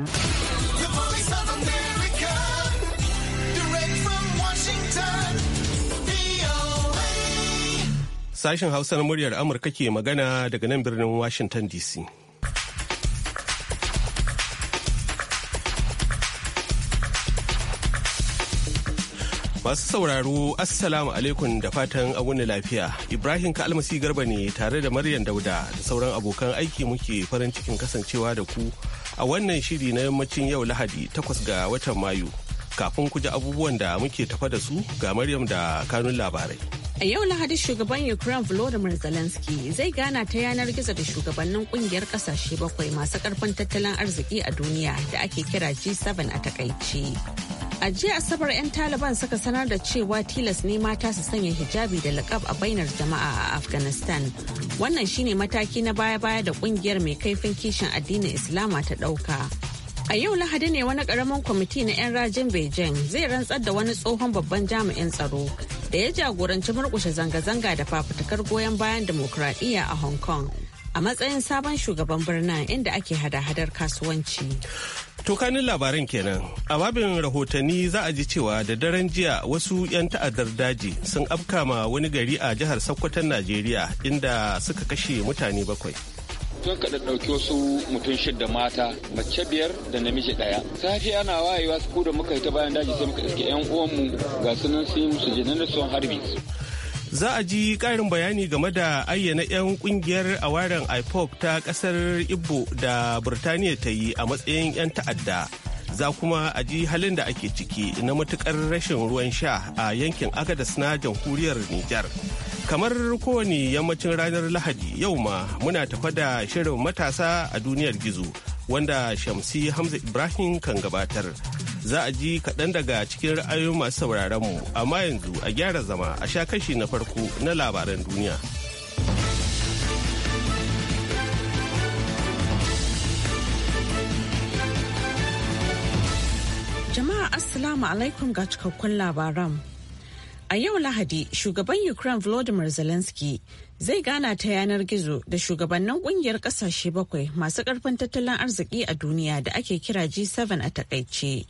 Sashen Hausa na muryar Amurka ke magana daga nan birnin Washington DC. Masu sauraro, Assalamu alaikum da fatan wani lafiya. Ibrahim Kalmasi Garba ne tare da Maryam Dauda da sauran abokan aiki muke farin cikin kasancewa da ku a wannan shiri na yammacin yau lahadi takwas ga watan mayu kafin ku ji abubuwan da muke tafa da su ga maryam da kanun labarai a yau lahadi shugaban ukraine volodymyr zelensky zai gana ta yanar gizo da shugabannin kungiyar kasashe bakwai masu karfin tattalin arziki a duniya da ake kira g7 a takaice A jiya Asabar 'yan Taliban suka sanar da cewa tilas ne mata su sanya hijabi da lakab a bainar jama'a a Afghanistan. Wannan shine mataki na baya-baya da kungiyar mai kaifin kishin addinin Islama ta ɗauka. A yau Lahadi ne wani ƙaramin kwamiti na 'yan rajin Beijing zai rantsar da wani tsohon babban jami'in tsaro da ya jagoranci murƙushe zanga-zanga da fafutukar goyon bayan dimokuraɗiyya a Hong Kong. a matsayin sabon shugaban birnin inda ake hada-hadar kasuwanci. Tokanin labaran kenan. A babin rahotanni za a ji cewa da daren jiya wasu 'yan ta'addar daji sun afkama wani gari a jihar Sokoton Najeriya inda suka kashe mutane bakwai. sun kaɗa ɗauki wasu mutum shida mata mace biyar da namiji ɗaya safi ana wayewa su da muka yi ta bayan daji sai muka iske 'yan uwanmu ga sunan sun yi musu jinin da sun harbi Za a ji ƙarin bayani game da ayyana 'yan kungiyar a awaren IPOP ta ƙasar ibo da Burtaniya ta yi a matsayin 'yan ta'adda. Za kuma a ji halin da ake ciki na matuƙar rashin ruwan sha a yankin Agadas na jamhuriyar Nijar. Kamar kowane yammacin ranar Lahadi yau ma muna tafa da shirin matasa a duniyar gizo wanda Shamsi Hamza Ibrahim kan gabatar. za a ji kaɗan daga cikin ra'ayoyin masu sauraron mu amma yanzu a gyara zama a sha kashi na farko na labaran duniya. Jama'a Assalamu alaikum ga cikakkun labaran. A yau Lahadi, shugaban Ukraine Volodymyr Zelensky zai gana ta yanar gizo da shugabannin kungiyar kasashe bakwai masu karfin tattalin arziki a duniya da ake kira G7 a takaice.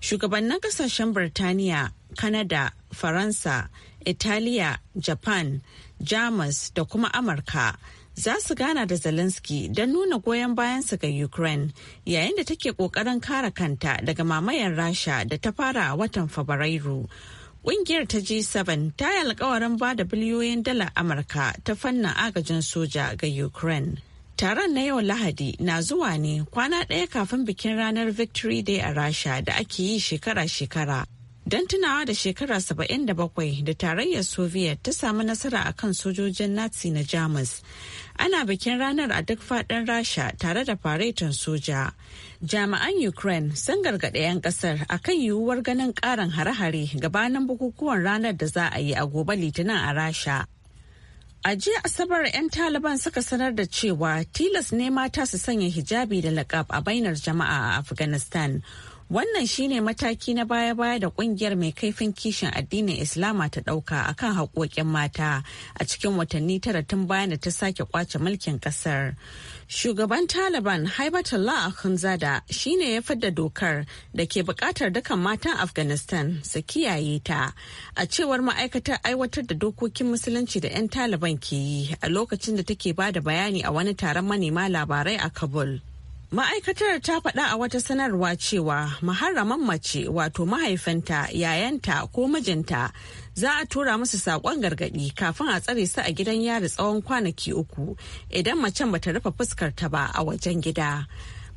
Shugabannin kasashen Birtaniya, Kanada, Faransa, Italiya, Japan, Jamus da kuma Amurka. za su gana da Zelensky don nuna goyon bayansu ga Ukraine yayin da take kokarin kare kanta daga mamayar Rasha da ta fara a watan Fabrairu. Ƙungiyar ta G7 ta yi alkawarin ba da biliyoyin dalar Amurka ta fannin agajin soja ga Ukraine. Taron na yau Lahadi na zuwa ne kwana ɗaya kafin bikin ranar Victory Day a Rasha da ake yi shekara-shekara. don tunawa da shekara 77 da tarayyar soviet ta samu nasara a kan sojojin nazi na jamus ana bikin ranar a duk fadin rasha tare da faretin soja jami'an ukraine sun gargaɗa 'yan ƙasar kan yiwuwar ganin ƙarin hare-hare gabanin bukukuwan ranar da za a yi a gobe litinin a rasha A jiya Asabar 'yan Taliban suka sanar da cewa tilas ne mata su sanya hijabi da laƙab a bainar jama'a a Afghanistan Wannan shine mataki na baya-baya da kungiyar mai kaifin kishin addinin Islama ta dauka a kan haƙoƙin mata a cikin watanni tara tun bayan da ta sake kwace mulkin kasar. Shugaban Taliban Haibatullah Akhundzada shine ya fadda dokar da ke buƙatar dukan matan Afghanistan su kiyaye ta. A cewar ma'aikatar aiwatar da dokokin musulunci da 'yan Taliban ke yi a lokacin da take ba da bayani a wani taron manema labarai a Kabul. Ma'aikatar ta faɗa a wata sanarwa cewa maharaman mace wato mahaifanta yayanta ko mijinta za a tura musu saƙon gargaɗi kafin a tsare su a gidan yari tsawon kwanaki uku idan macen bata rufe fuskar ta ba a wajen gida.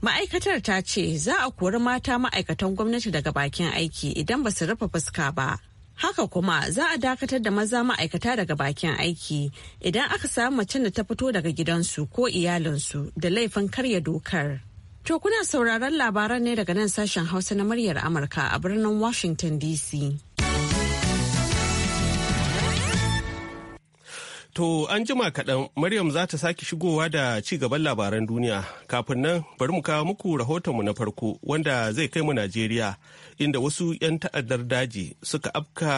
Ma'aikatar ta ce za a kori mata ma'aikatan gwamnati daga bakin aiki idan ba su rufe fuska ba. Haka kuma za a dakatar da maza ma'aikata daga bakin aiki idan aka samu macen da ta fito daga gidansu ko iyalinsu da laifin karya dokar. To kuna sauraron labaran ne daga nan sashen Hausa na muryar Amurka a birnin Washington DC. To an jima kaɗan Maryam za ta sake shigowa da ci gaban labaran duniya. Kafin nan bari mu kawo muku rahotonmu na farko wanda zai kai mu Najeriya inda wasu 'yan ta'addar daji suka afka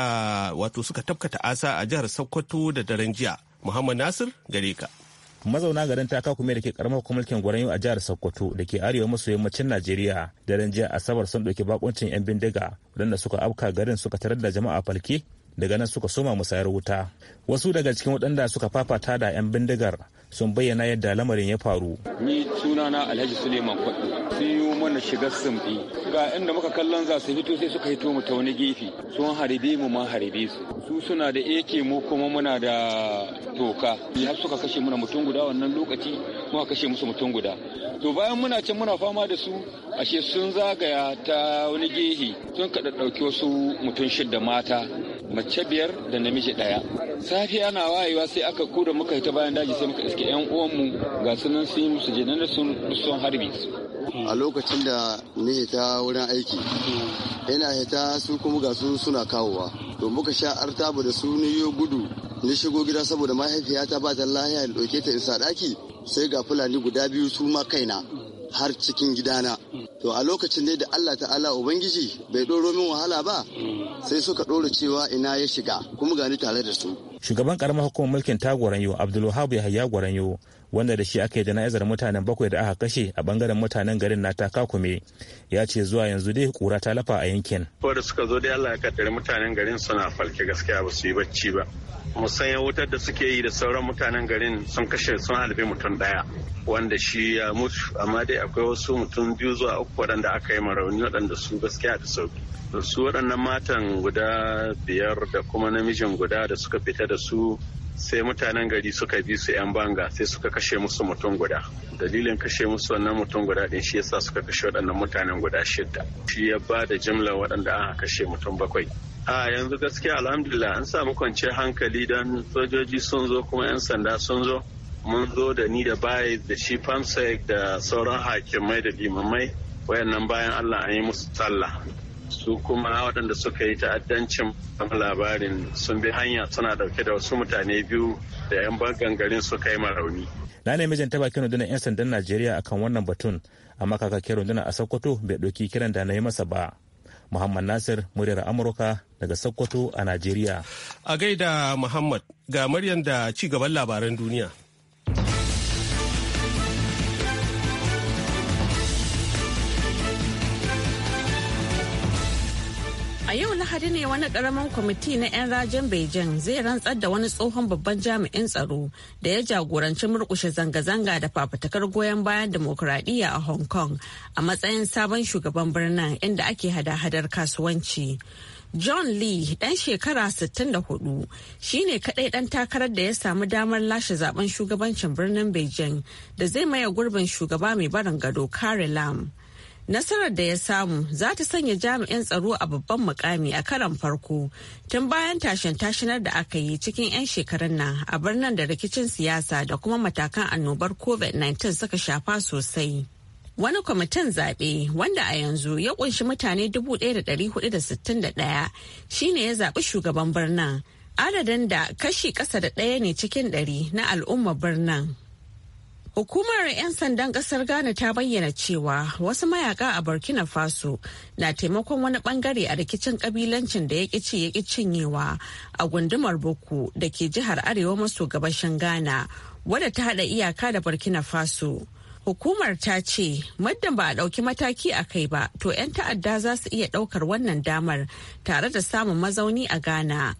wato suka tafka ta'asa a jihar Sokoto da daren jiya. Muhammad Nasir gare ka. mazauna garin takakume da ke karamar hukumulkin yau a jihar sokoto da ke arewa maso yammacin najeriya daren jiya asabar sun ɗauki bakuncin yan bindiga waɗanda suka afka garin suka tarar da jama'a falke daga nan suka soma musayar wuta wasu daga cikin waɗanda suka fafata da yan bindigar sun bayyana yadda lamarin ya faru. Ni sunana Alhaji Suleiman Kwaɗo sun yi mana shiga sumbi. Ga inda muka kallon za su hito sai suka hito mu ta wani gefe sun harbe mu ma harbe su. Su suna da eke mu kuma muna da toka. Har suka kashe muna mutum guda wannan lokaci muka kashe musu mutum guda. To bayan muna can muna fama da su ashe sun zagaya ta wani gehe sun kaɗa ɗauki wasu mutum shida mata mace biyar da namiji ɗaya. Safiya na wayewa sai aka kuda muka hita bayan daji sai muka iske 'yan uwanmu ga sunan sun yi musu jinan sun sun harbi a lokacin da ni hita wurin aiki ina hita su kuma ga su suna kawowa to muka sha artabu da su ni gudu ni shigo gida saboda mahaifiyata ba ta lahiya da ɗauke ta isa ɗaki sai ga fulani guda biyu su ma kaina har cikin gidana to a lokacin ne da Allah ta'ala ubangiji bai ɗoro min wahala ba sai suka ɗora cewa ina ya shiga kuma gani tare da su shugaban karamar hukumar mulkin ta gwaranyo abdulwahab yahaya gwaranyo wanda da shi aka yi jana'izar mutanen bakwai da aka kashe a bangaren mutanen garin na takakume ya ce zuwa yanzu dai kura ta lafa a yankin ko da suka zo dai allah ya kaddare mutanen garin suna falke gaskiya ba su yi bacci ba ya wutar da suke yi da sauran mutanen garin sun kashe sun halbe mutum daya wanda shi ya mutu amma dai akwai wasu mutum biyu zuwa uku waɗanda aka yi rauni waɗanda su gaskiya da sauki su waɗannan matan guda biyar da kuma namijin guda da suka fita da su sai mutanen gari suka bi su 'yan banga sai suka kashe musu mutum guda dalilin kashe musu wannan mutum guda din shi yasa suka kashe waɗannan mutanen guda shidda shi ya ba da jimla waɗanda aka kashe mutum bakwai a yanzu gaskiya alhamdulillah an samu kwanciyar hankali don sojoji sun zo kuma 'yan sanda sun zo mun zo da ni da baya da shi famsek da sauran hakimai da limamai wayannan bayan allah an yi musu sallah su kuma waɗanda suka yi ta'addancin labarin sun bi hanya suna ɗauke da wasu mutane biyu da 'yan bangan garin suka yi marauni. na ne mijin ta bakin rundunar 'yan sandan najeriya akan wannan batun amma kakakin rundunar a sokoto bai ɗauki kiran da na yi masa ba muhammad nasir muryar amurka daga sokoto a najeriya a gaida muhammad ga maryam da ci gaban labaran duniya yau Lahadi ne wani karamin kwamiti na 'yan rajin Beijing zai rantsar da wani tsohon babban jami'in tsaro da ya jagoranci murkushe zanga-zanga da fafatakar goyon bayan demokuraɗiyya a Hong Kong a matsayin sabon shugaban birnin inda ake hada-hadar kasuwanci. John Lee dan shekara 64 shine kadai dan takarar da ya samu damar lashe zaben shugabancin birnin Beijing da zai maye gurbin shugaba mai barin gado Carrie Lam. Nasarar da ya samu za ta sanya jami'in tsaro a babban mukami a karon farko tun bayan tashin tashinar da aka yi cikin 'yan shekarun nan a birnin da rikicin siyasa da kuma matakan annobar COVID-19 suka shafa sosai. wani kwamitin zaɓe wanda a yanzu ya ƙunshi mutane 1,461 shine ya zaɓi shugaban birnin adadin da kashi ƙasa da ɗaya ne cikin ɗari na al'ummar birnin. Hukumar 'yan sandan kasar Ghana ta bayyana cewa wasu mayaka a Burkina Faso na taimakon wani bangare a rikicin kabilancin da ya ce ya cinyewa a gundumar Boko da ke jihar Arewa maso gabashin Ghana wadda ta haɗa iyaka da Burkina Faso. Hukumar ta ce muddin ba a ɗauki mataki a kai ba to 'yan ta'adda za su iya ɗaukar wannan damar tare da samun mazauni a Ghana.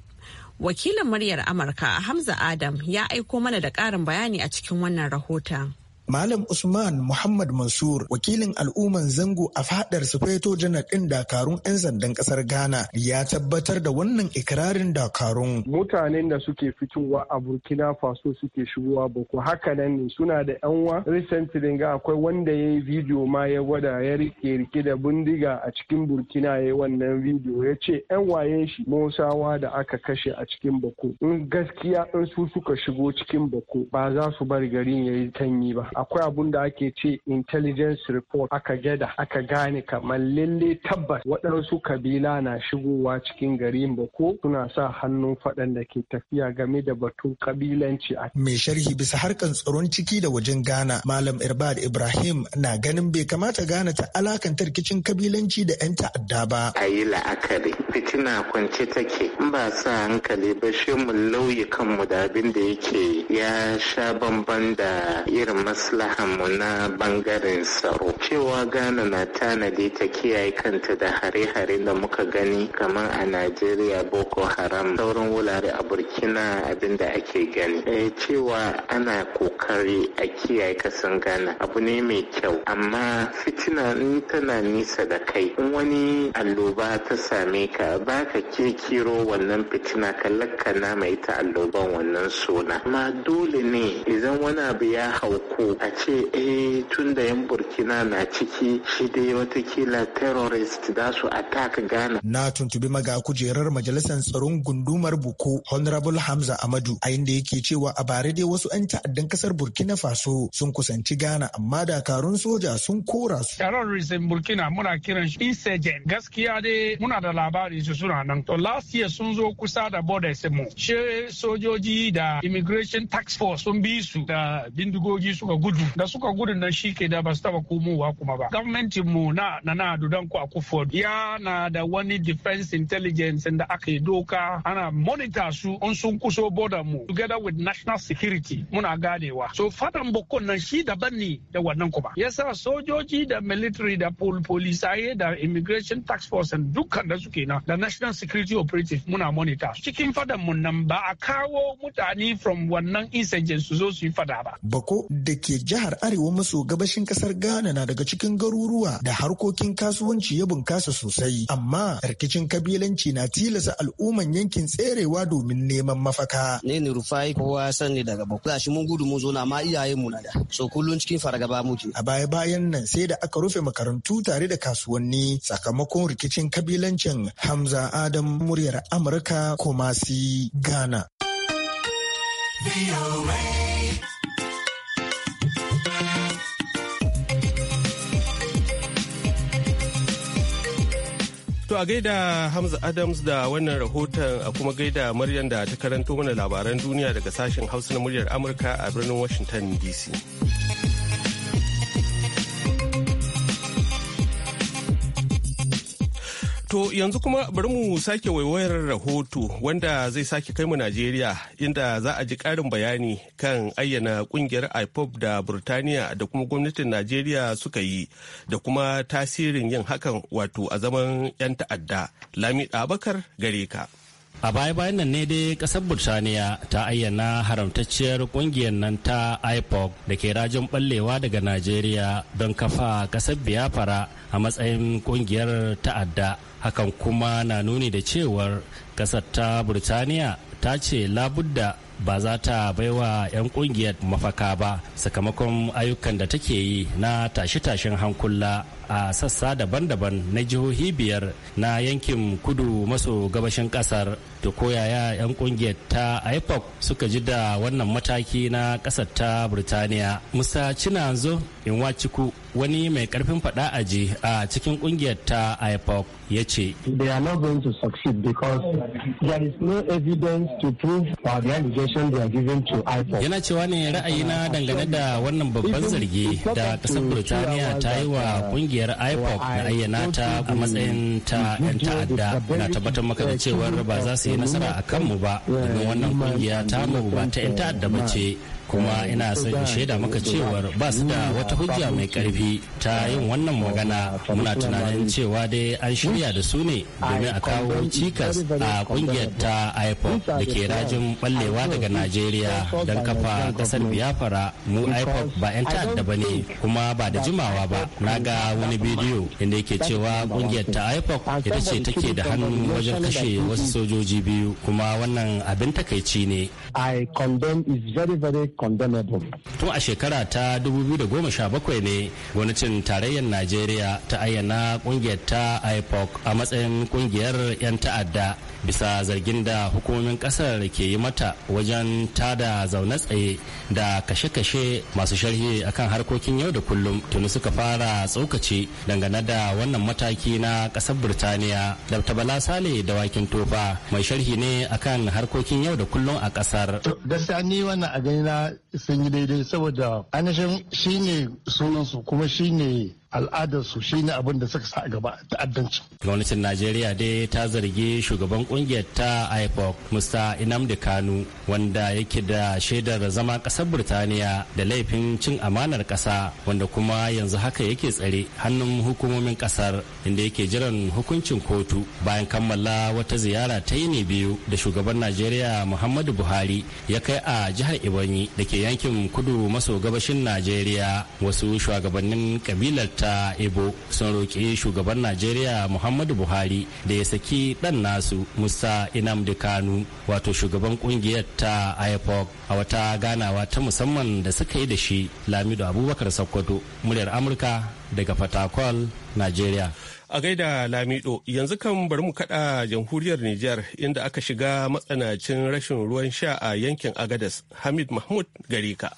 Wakilin muryar Amurka Hamza Adam ya aiko mana da ƙarin bayani a cikin wannan rahoton. Malam Usman Muhammad Mansur wakilin al'umman zango a fadar sufeto janar ɗin dakarun 'yan sandan ƙasar Ghana ya tabbatar da wannan ikirarin dakarun. Mutanen da suke fitowa a Burkina Faso suke shigowa boko haka nan ne suna da yanwa recently ga akwai wanda ya yi video ma ya gwada ya rike rike da bindiga a cikin Burkina ya wannan video ya ce yan wayen shi Musawa da aka kashe a cikin Bako in gaskiya in su suka shigo cikin Bako ba za su bar garin ya yi tanyi ba akwai abun da ake ce intelligence report aka gada aka gane kamar lalle tabbas waɗansu kabila na shigowa cikin garin bako suna sa hannun faɗan da ke tafiya game da batun kabilanci a mai sharhi bisa harkan tsaron ciki da wajen Ghana Malam Irbad Ibrahim na ganin bai kamata Ghana ta alakantar rikicin kabilanci da 'yan ta'adda ba. A yi la'akari fitina kwance take in ba sa hankali ba shi mu lauye kanmu da abin da yake ya sha bamban da irin masa. maslahanmu na bangaren tsaro cewa ghana na tanadi ta kiyaye kanta da hare-hare da muka gani kamar a najeriya boko haram sauran wulare a burkina abinda ake gani e, cewa ana kokari a kiyaye kasan ghana abu ne mai kyau amma fitina in tana nisa da kai in wani alloba ta same ka ba ka kirkiro wannan fitina ka na mai ta alloban wannan suna ma dole ne idan wani abu ya hauko a ce eh tun da yan burkina na ciki shi dai watakila terrorist da su attack ghana na tuntubi maga kujerar majalisar tsaron gundumar buko honorable hamza amadu a inda yake cewa a bare dai wasu 'yan ta'addan kasar burkina faso sun kusanci ghana amma dakarun soja sun kora su terrorism burkina muna kiran shi insurgent gaskiya dai muna da labari su suna nan to last year sun zo kusa da borders mu she sojoji da immigration tax force sun bi su da bindigogi suka gudu da suka gudu nan shi ke da ba su taba komowa kuma ba gwamnatin mu na na ku a kufod ya na da wani defense intelligence da aka yi doka ana monitor su in sun kuso border mu together with national security muna ganewa so fadan bokon nan shi daban ne da wannan kuma sa sojoji da military da polisaye da immigration tax force dukkan da suke na da national security operative muna monitor cikin fadan mu nan ba a kawo mutane from wannan insurgents su zo su yi fada ba bako da ke jihar Arewa maso gabashin kasar Ghana na daga cikin garuruwa da harkokin kasuwanci ya bunkasa sosai. Amma rikicin kabilanci na tilasa al'umman yankin tserewa domin neman mafaka. Ne ne rufai kowa sani daga bakwai. shi mun gudu mun zo na ma iyayenmu na da. So kullum cikin fargaba muke. A baya bayan nan sai da aka rufe makarantu tare da kasuwanni sakamakon rikicin kabilancin Hamza Adam muryar Amurka Kumasi Ghana. a gaida Hamza Adams da wannan rahoton a kuma gaida Maryam da ta karanto mana labaran duniya daga sashen Hausa na muryar Amurka a birnin Washington DC. To yanzu kuma bari mu sake waiwayar rahoto wanda zai sake kai mu Najeriya inda za a ji ƙarin bayani kan ayyana kungiyar IPOP da Burtaniya da kuma gwamnatin Najeriya suka yi da kuma tasirin yin hakan wato a zaman 'yan ta'adda. Lami Abakar gare ka. A baya-bayan nan ne dai kasar Burtaniya ta ayyana haramtacciyar kungiyar nan ta IPOP da ke rajin ballewa daga Najeriya don kafa kasar Biafra a matsayin kungiyar ta'adda. hakan kuma na nuni da cewar kasar ta burtaniya ta ce labudda ba za ta baiwa 'yan kungiyar mafaka ba sakamakon ayyukan da take yi na tashe-tashen hankula a sassa daban-daban na jihohi biyar na yankin kudu maso gabashin kasar da koyaya 'yan kungiyar ta ipoc suka ji da wannan mataki na kasar ta birtaniya musa in ciku wani mai karfin fada aji a cikin kungiyar ta ipoc ya ce yana cewa ne ra'ayi na dangane da wannan babban zargi da kasar birtaniya ta yi wa uh, kungiyar ipoc na ayyana ta a matsayin ta 'yan ta'adda na tabbatar maka da cewar ba za su sai nasara a kanmu ba daga wannan kungiya ta mu ba ta 'yan ta'adda ba ce kuma ina son in shaida maka cewar ba su da wata hujja mai karfi ta yin wannan magana muna tunanin cewa dai an shirya da su ne domin a kawo cikas a kungiyar ta ipop da ke rajin ballewa daga najeriya don kafa kasar biafra mu ipop ba 'yan ta'adda ba ne kuma ba da jimawa ba na ga wani bidiyo inda yake cewa kungiyar ta ipop ita ce take da hannu wajen kashe wasu sojoji biyu kuma wannan abin takaici ne I is very condemnable. Tun a shekara ta 2017 ne gwamnatin tarayyar Najeriya ta ayyana kungiyar ta IPOC a matsayin kungiyar 'yan ta'adda bisa zargin da hukumomin kasar ke yi mata wajen tada zaune tsaye da kashe-kashe masu sharhi akan harkokin yau da kullum tuni suka fara tsokaci dangane da wannan mataki na kasar birtaniya ta bala sale da wakin tofa mai sharhi ne akan harkokin yau da kullum a kasar ni wannan sun yi daidai saboda anashin shine sunansu kuma shine al'adarsu shine abin da suka sa a gaba ta'addanci. gwamnatin najeriya dai ta zargi shugaban kungiyar ta ipoc mr inamdi kanu wanda yake da shaidar zama kasar birtaniya da laifin cin amanar kasa wanda kuma yanzu haka yake tsare hannun hukumomin kasar inda yake jiran hukuncin kotu bayan kammala wata ziyara ta yi ne biyu da shugaban najeriya muhammadu buhari ya kai a jihar ibonyi da ke yankin kudu maso gabashin najeriya wasu shugabannin kabilar ta ibo sun roƙi shugaban najeriya muhammadu buhari da ya saki ɗan nasu musa inamdi kanu wato shugaban ƙungiyar ta ipoc a wata ganawa ta musamman da suka yi da shi lamido abubakar sokoto muryar amurka daga fatakwal najeriya a gaida lamido yanzu kan bari mu kada jamhuriyar niger inda aka shiga matsanacin rashin ruwan sha a yankin agadas hamid mahmud garika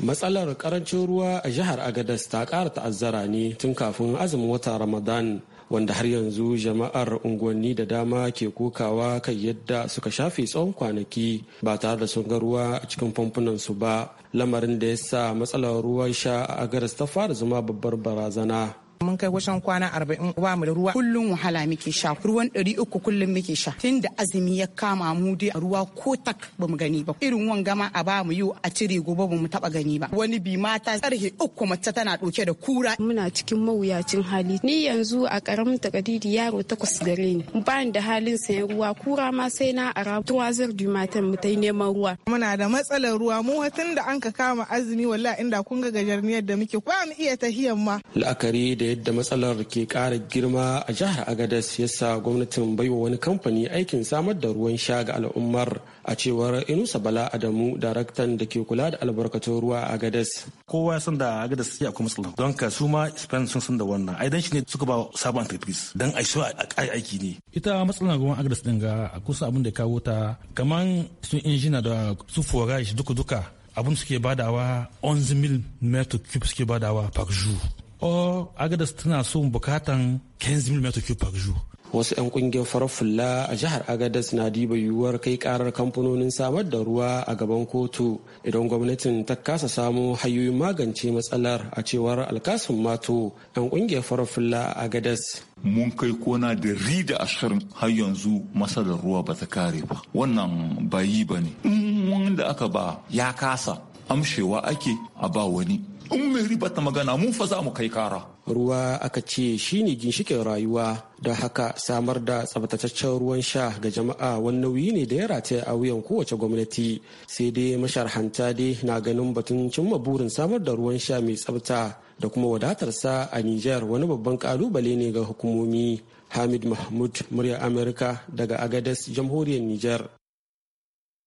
matsalar karancin ruwa a jihar agadas ta ƙara ta'azzara ne tun kafin azumin wata ramadan wanda har yanzu jama'ar unguwanni da dama ke kokawa kai yadda suka shafe tsawon kwanaki ba tare da sun ga ruwa a cikin famfunansu ba lamarin da ya sa matsalar ruwan sha a agadas ta fara zama babbar barazana mun kai wasan kwana arba'in ba mu da ruwa kullum wahala muke sha ruwan ɗari uku kullum muke sha tun da azumi ya kama mu dai ruwa ko tak ba mu gani ba irin wangama a ba mu yi a cire gobe ba mu taba gani ba wani bi mata tsarhe uku mace tana ɗauke da kura muna cikin mawuyacin hali ni yanzu a karamin takadidi yaro takwas gare ni ba ni da halin sayan ruwa kura ma sai na ara tuwazar du matan mu tai neman ruwa muna da matsalar ruwa mu tun da an ka kama azumi wallahi inda kun ga gajarniyar da muke Ba mu iya tahiyan ma la'akari da yadda matsalar ke kara girma a jihar agadas sa gwamnatin baiwa wani kamfani aikin samar da ruwan sha ga al'ummar a cewar inusa bala adamu daraktan da ke kula da albarkatun ruwa a agadas kowa san da agadas ya akwai matsala don ka su ma spain sun san da wannan ai dan shi ne suka ba sabon entreprise dan ai so aiki ne ita matsalar ruwan agadas din ga kusa abin da kawo ta kaman su injina da su forage duka duka abin suke badawa 11 mil cube suke badawa par jour or oh, agadas tana so bukatan 15 mm cube per ju. wasu 'yan kungiyar farar fulla a jihar agadas na diba yiwuwar kai karar kamfanonin samar da ruwa a gaban kotu idan gwamnatin ta kasa samu hanyoyin magance matsalar a cewar alkasun mato 'yan kungiyar farar fulla a agadas mun kai kona da rida ashirin har yanzu masalar ruwa ba ta kare ba wannan bayi ba ne in wanda aka ba ya kasa amshewa ake a ba wani in mun riba ta magana mun fa za mu kai kara ruwa aka ce shine ginshikin rayuwa don haka samar da tsabtataccen ruwan sha ga jama'a wani nauyi ne da ya rataya a wuyan kowace gwamnati sai dai masharhanta dai na ganin batun cimma burin samar da ruwan sha mai tsabta da kuma wadatarsa a Nijar wani babban kalubale ne ga hukumomi Hamid Mahmud murya Amerika daga Agadez jamhuriyar Nijar.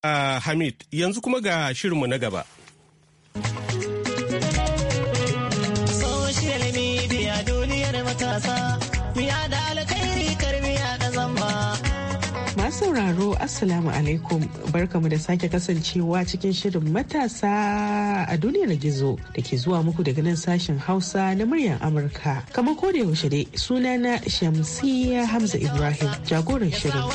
Uh, Hamid yanzu kuma ga shirinmu na gaba. Assalamu alaikum barkamu da sake kasancewa cikin shirin matasa a duniyar gizo da ke zuwa muku daga nan sashen Hausa na muryar Amurka. Kamar ko da yaushe dai na Shamsiyya Hamza Ibrahim jagoran shirin.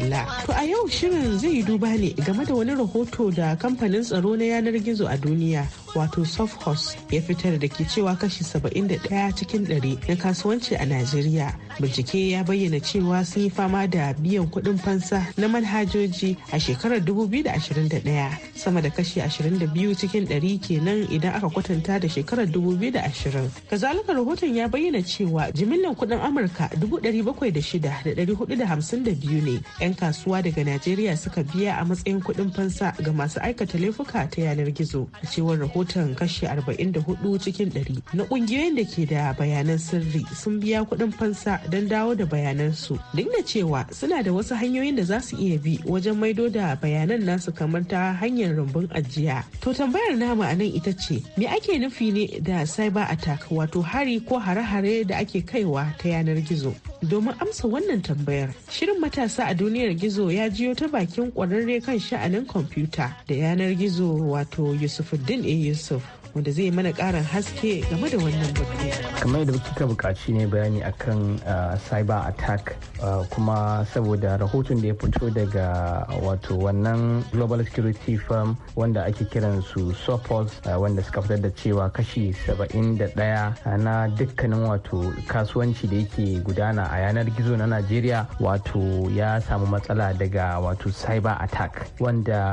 madalla. To a yau shirin zai duba ne game da wani rahoto da kamfanin tsaro na yanar gizo a duniya wato Sofhos ya fitar da ke cewa kashi 71 cikin 100 na kasuwanci a Najeriya. Bincike ya bayyana cewa sun yi fama da biyan kuɗin fansa na manhajoji a shekarar 2021 sama da kashi 22 cikin 100 kenan idan aka kwatanta da shekarar 2020. Kazalika rahoton ya bayyana cewa jimillar kuɗin Amurka 706,452 ne. 'yan kasuwa daga Najeriya suka biya a matsayin kuɗin fansa ga masu aikata laifuka ta yanar gizo a cewar rahoton kashi 44 cikin 100 na ƙungiyoyin da ke da bayanan sirri sun biya kuɗin fansa don dawo da bayanansu duk da cewa suna da wasu hanyoyin da za su iya bi wajen maido da bayanan nasu kamar ta hanyar rumbun ajiya. To tambayar namu a nan ita ce me ake nufi ne da cyber attack wato hari ko hare-hare da ake kaiwa ta yanar gizo? Domin amsa wannan tambayar shirin matasa a duniya duniyar gizo ya jiyo ta bakin kwararre kan sha'anin kwamfuta da yanar gizo wato yusufuddin a yusuf wanda zai mana karin haske game da wannan batu. kamar yadda kika buƙaci ne bayani akan uh, cyber attack uh, kuma saboda rahoton da ya fito daga uh, wato wannan global security firm wanda ake kiransu sopos wanda suka fitar da cewa kashi 71 na dukkanin wato kasuwanci da yake gudana a yanar gizo na najeriya wato ya samu matsala daga wato cyber attack wanda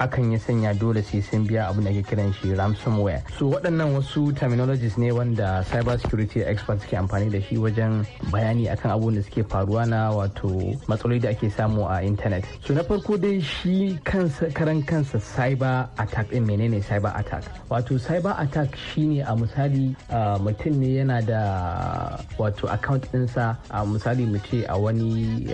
hakan ya sanya dole sai sun biya abin da ake kiran shi ransomware su so waɗannan wasu terminologies ne wanda cyber security experts ke amfani da shi wajen bayani akan abubuwan da suke faruwa na wato matsaloli da ake samu a internet so na farko dai shi kansa karan kansa cyber attack din menene cyber attack wato cyber attack shine a misali mutum ne yana da wato account ɗinsa a misali mu ce a wani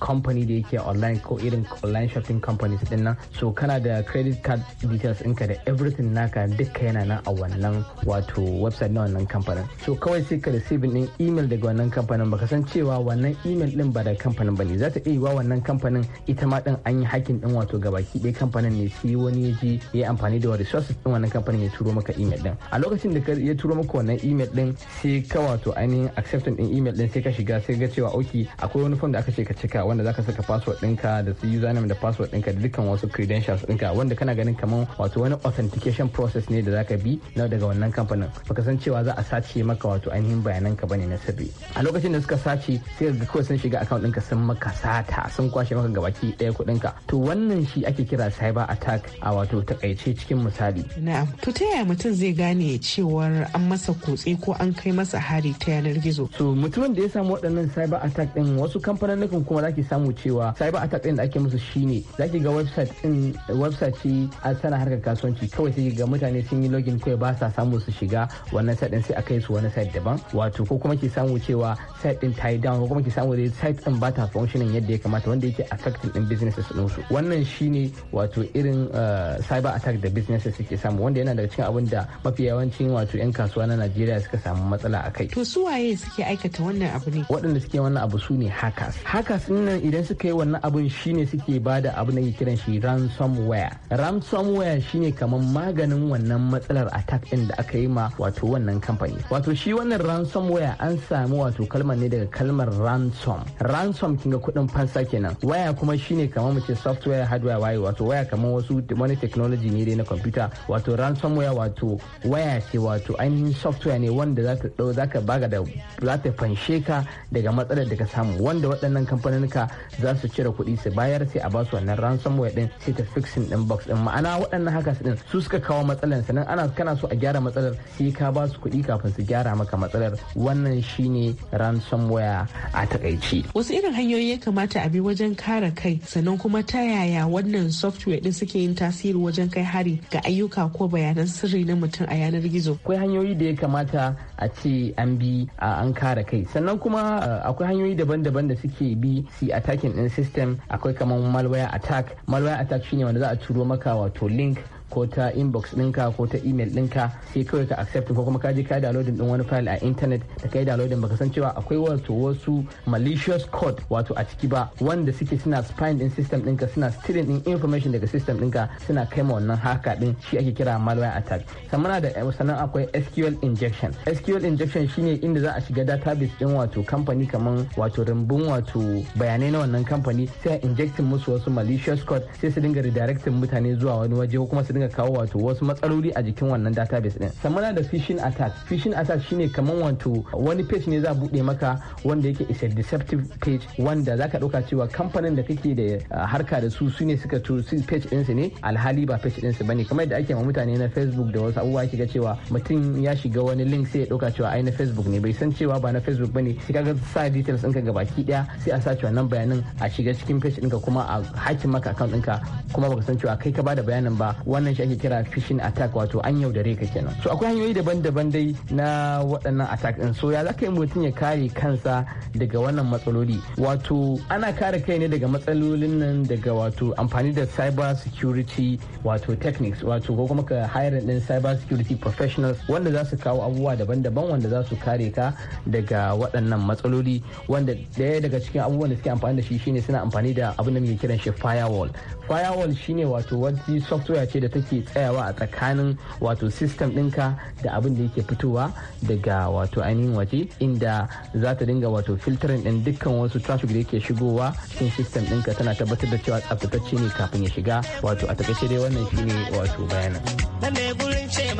company da yake online ko irin online shopping companies din nan so kana da credit card details ɗinka da everything naka duk ka yana nan a wannan wato website na wannan kamfanin so kawai sai ka receive din email daga wannan kamfanin baka san cewa wannan email din ba da kamfanin bane za ta iya wannan kamfanin ita ma din an yi hakin din wato gabaki ɗaya kamfanin ne sai wani ya ji ya amfani da resources din wannan kamfanin ya turo maka email din a lokacin da ya turo maka wannan email din sai ka wato ainihin accepting din email din sai ka shiga sai ga cewa ok akwai wani form da aka ce ka cika wanda zaka saka password ɗinka da su username da password ɗinka da dukkan wasu credentials ɗinka wanda kana ganin kamar wato wani authentication process ne ne da zaka bi na daga wannan kamfanin baka san cewa za a sace maka wato ainihin bayanan ka bane na sirri a lokacin da suka sace sai ga kawai sun shiga account ɗinka sun maka sata sun kwashe maka gabaki ɗaya kuɗin ka to wannan shi ake kira cyber attack a wato takaice cikin misali na'am to ta yaya mutum zai gane cewar an masa kutse ko an kai masa hari ta yanar gizo to mutumin da ya samu waɗannan cyber attack ɗin wasu kamfanonin kuma zaki samu cewa cyber attack ɗin da ake musu shine zaki ga website ɗin website ce a sana harkar kasuwanci kawai sai ga mutane sun yi login kawai ba sa samu su shiga wannan site din sai a kai su wani site daban wato ko kuma ki samu cewa site din ta yi down ko kuma ki samu dai site din ba ta functioning yadda ya kamata wanda yake affecting din businesses din su wannan shine wato irin eh, cyber attack da businesses suke samu wanda yana daga cikin abin da mafi yawancin wato yan kasuwa na Najeriya suka samu matsala a kai to su waye suke aikata wannan abu ne waɗanda suke wannan abu su ne hackers hackers nan idan suka yi wannan abun shine suke bada abin da ke kiran shi ransomware ransomware shine kamar maganin wannan wannan matsalar attack din da aka yi ma wato wannan kamfani wato shi wannan ransomware an samu wato kalmar ne daga kalmar ransom ransom kinga kudin fansa kenan waya kuma shine kamar mu ce software hardware waya wato waya kamar wasu wani technology ne dai na computer wato ransomware wato waya ce wato ainihin software ne wanda za ta dau za ka baga da za ta fanshe ka daga matsalar da ka samu wanda waɗannan kamfaninka za su cire kuɗi su bayar sai a ba su wannan ransomware din sai ta fixing din box din ma'ana waɗannan hackers din su suka kawo matsalar sannan ana kana so a gyara matsalar sai ka ba su kuɗi kafin su gyara maka matsalar wannan shine ransomware a takaici wasu irin hanyoyi ya kamata a bi wajen kare kai sannan kuma ta yaya wannan software din suke yin tasiri wajen kai hari ga ayyuka ko bayanan sirri na mutum a yanar gizo akwai hanyoyi da ya kamata a ce an bi an kare kai sannan kuma akwai hanyoyi daban-daban da suke bi si attacking din system akwai kamar malware attack malware attack shine wanda za a turo maka wato link ko ta inbox ɗinka ko ta email ɗinka sai kawai ka accept ko kuma ka je ka downloading din wani file a internet da kai downloading baka san cewa akwai wato wasu malicious code wato a ciki ba wanda suke suna spying din system ɗinka suna stealing din information daga system ɗinka suna kai ma wannan haka ɗin shi ake kira malware attack sannan da sannan akwai SQL injection SQL injection shine inda za a shiga database din wato kamfani kaman wato rumbun wato bayanai na wannan kamfani sai a injecting musu wasu malicious code sai su dinga redirecting mutane zuwa wani waje ko kuma su dinga kawo wato wasu matsaloli a jikin wannan database din sannan da phishing attack phishing attack shine kaman wato wani page ne za bude maka wanda yake is a deceptive page wanda zaka dauka cewa kamfanin da kake da ah, harka da su sune suka to page din su ne alhali ba page din su bane kamar yadda ake ma mutane na Facebook da wasu abubuwa ga cewa mutum ya shiga wani link sai ya dauka cewa ai na Facebook ne bai san cewa ba na Facebook bane sai kaga sa details ɗinka gabaki daya sai a sa cewa nan bayanin a shiga cikin page ɗinka kuma a hakin maka account ɗinka kuma baka san cewa kai ka bada bayanin ba wannan wannan shi ake kira fishin attack wato an yaudare ka kenan so akwai hanyoyi daban-daban dai na waɗannan attack din so ya zaka yi mutum ya kare kansa daga wannan matsaloli wato ana kare kai ne daga matsalolin nan daga wato amfani da cyber security wato techniques wato ko kuma ka hiring din cyber security professionals wanda za su kawo abubuwa daban-daban wanda za su kare ka daga waɗannan matsaloli wanda ɗaya daga cikin abubuwan da suke amfani da shi shine suna amfani da abin da muke kiran shi firewall firewall shine wato wani software ce da ta take tsayawa a tsakanin wato system ɗinka da abin da yake fitowa daga wato ainihin waje inda za ta dinga wato filtering ɗin dukkan wasu traffic da yake shigowa cikin system ɗinka tana tabbatar da cewa tsaftatacce ne kafin ya shiga wato a takaice dai wannan shine wato bayanin. ne gurin ce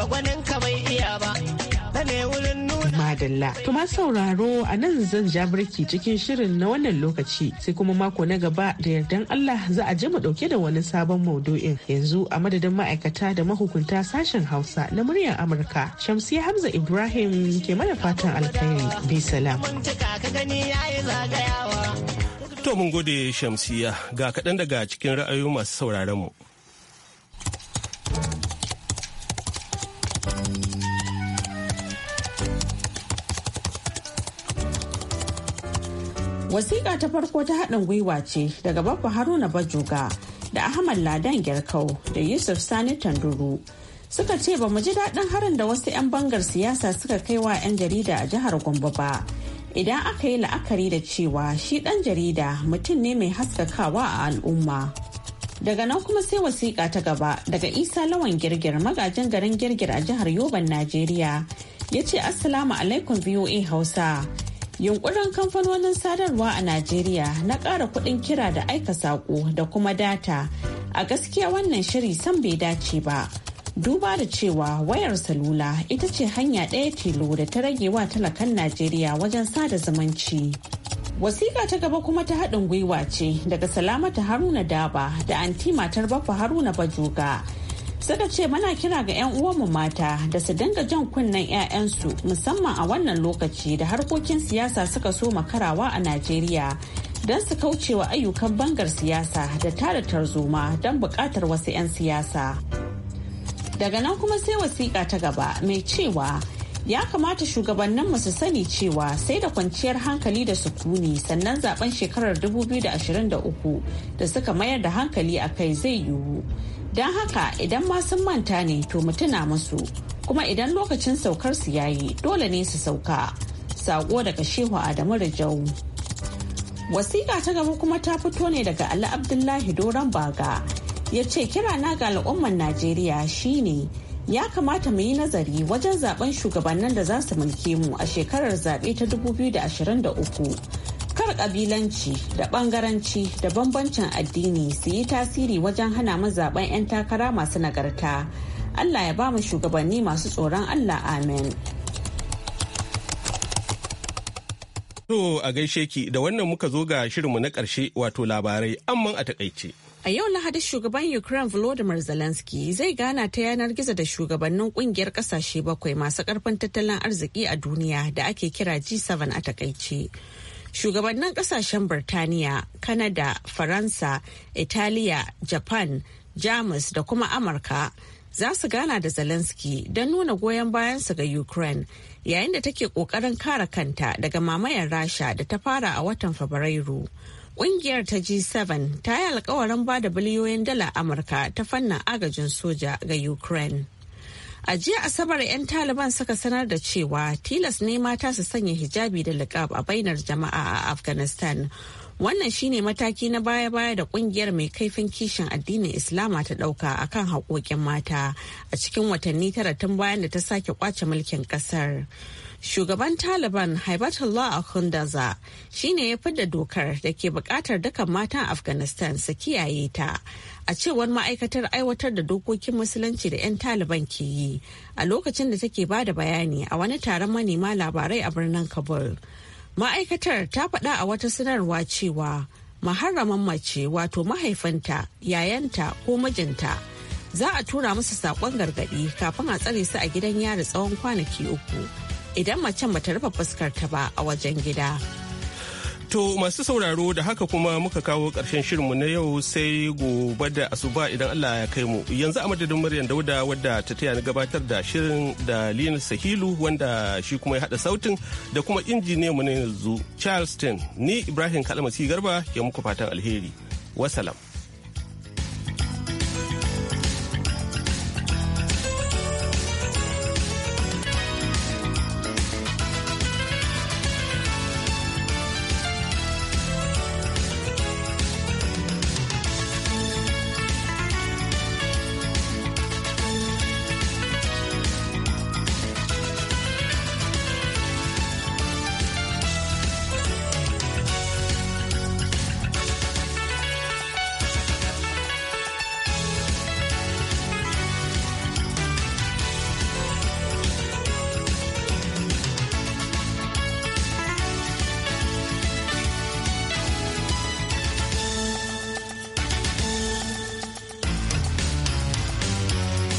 madalla. ma sauraro a nan zan ja birki cikin shirin na wannan lokaci sai kuma mako na gaba da yardan Allah za a je mu dauke da wani sabon maudu'in yanzu a madadin ma'aikata da mahukunta sashen Hausa na muryar Amurka. shamsiyya Hamza Ibrahim ke mana fatan alkhairi. Bi salam. To mun gode shamsiyya ga kaɗan daga cikin ra'ayoyin masu sauraron mu. Wasiƙa ta farko ta haɗin gwiwa ce daga babba Haruna Bajoga da Ahmad Ladan Gyarkau da Yusuf Sani Tanduru. Suka ce ba mu ji daɗin harin da wasu 'yan bangar siyasa suka kai wa 'yan jarida a jihar Gombe ba. Idan aka yi la'akari da cewa shi ɗan jarida mutum ne mai haskakawa a al'umma. Daga nan kuma sai wasiƙa ta gaba daga Isa Lawan Girgir magajin garin Girgir a jihar Yoban, Najeriya. Ya ce Assalamu alaikum VOA Hausa. Yunkurin kamfanonin sadarwa a Najeriya na ƙara kuɗin kira da aika saƙo da kuma data a gaskiya wannan shiri san bai dace ba. Duba da cewa wayar salula ita ce hanya ɗaya tilo da ta rage wa talakan Najeriya wajen sada zumunci. Wasiƙa ta gaba kuma ta haɗin gwiwa ce daga Salamata Haruna Daba da anti matar Baffa Haruna Bajoga suka ce muna kira ga 'yan uwanmu mata da su dinga jan kunnen 'ya'yansu musamman a wannan lokaci da harkokin siyasa suka so makarawa a najeriya don su kaucewa ayyukan bangar siyasa da tara tarzoma don bukatar wasu 'yan siyasa daga nan kuma sai wasiƙa ta gaba mai cewa ya kamata shugabannin mu su sani cewa sai da kwanciyar hankali da sukuni sannan zaben shekarar 2023 da suka mayar da hankali a kai zai yiwu Don haka idan ma sun manta ne to mu tuna musu kuma idan lokacin saukar su yayi dole ne su sauka. Sako daga Shehu Adamu Rijau. Wasiƙa ta gaba kuma ta fito ne daga Ali Abdullahi Doron Baga. Ya ce kira na ga al'ummar Najeriya shine ya kamata mu yi nazari wajen zaben shugabannin da za su mulke mu a shekarar zaɓe ta 2023 Kar kabilanci da bangaranci da bambancin addini su yi tasiri wajen hana mu zaben 'yan takara masu nagarta. Allah ya ba mu shugabanni masu tsoron Allah amen. To a gaishe ki da wannan muka zo ga shirinmu na ƙarshe wato labarai amman a takaice. A yau Lahadi shugaban Ukraine Volodymyr Zelensky zai gana ta yanar gizo da shugabannin kungiyar kasashe bakwai masu karfin tattalin arziki a duniya da ake kira G7 a takaice. shugabannin kasashen Birtaniya, Kanada, Faransa, Italiya, Japan, Jamus da kuma Amurka za su gana da Zelensky don nuna goyon bayansu ga Ukraine yayin da take ƙoƙarin kare kanta daga mamayar Rasha da ta fara a watan Fabrairu. Ƙungiyar ta G7 ta yi alkawarin bada biliyoyin dala Amurka ta fannin agajin soja ga Ukraine. A jiya Asabar 'yan Taliban suka sanar da cewa tilas ne mata su sanya hijabi da liƙab a bainar jama'a a Afghanistan. Wannan shine mataki na baya-baya da kungiyar mai kaifin kishin addinin Islama ta ɗauka a kan haƙoƙin mata a cikin watanni tara tun bayan da ta sake kwace mulkin ƙasar. Shugaban Taliban Haibatullah Akhundaza shine ya fidda dokar da ke buƙatar dukan matan Afghanistan su kiyaye ta. a cewar ma'aikatar aiwatar da dokokin musulunci da 'yan taliban ke yi a lokacin da take ba da bayani a wani taron manema labarai a birnin kabul ma'aikatar ta faɗa a wata sanarwa cewa maharaman mace wato mahaifinta yayanta ko mijinta za a tura musu saƙon gargaɗi kafin a tsare su a gidan yari tsawon kwanaki uku idan macen bata rufe fuskarta ba a wajen gida. To masu sauraro da haka kuma muka kawo ƙarshen shirinmu na yau sai gobe da asuba idan Allah ya kai mu. Yanzu a madadin Maryam Dauda wadda ta taya ni gabatar da shirin da Linus Sahilu wanda shi kuma ya hada sautin da kuma injiniyan mu na yanzu Charleston ni Ibrahim Kalamasi Garba ke muku fatan alheri. Wasalam.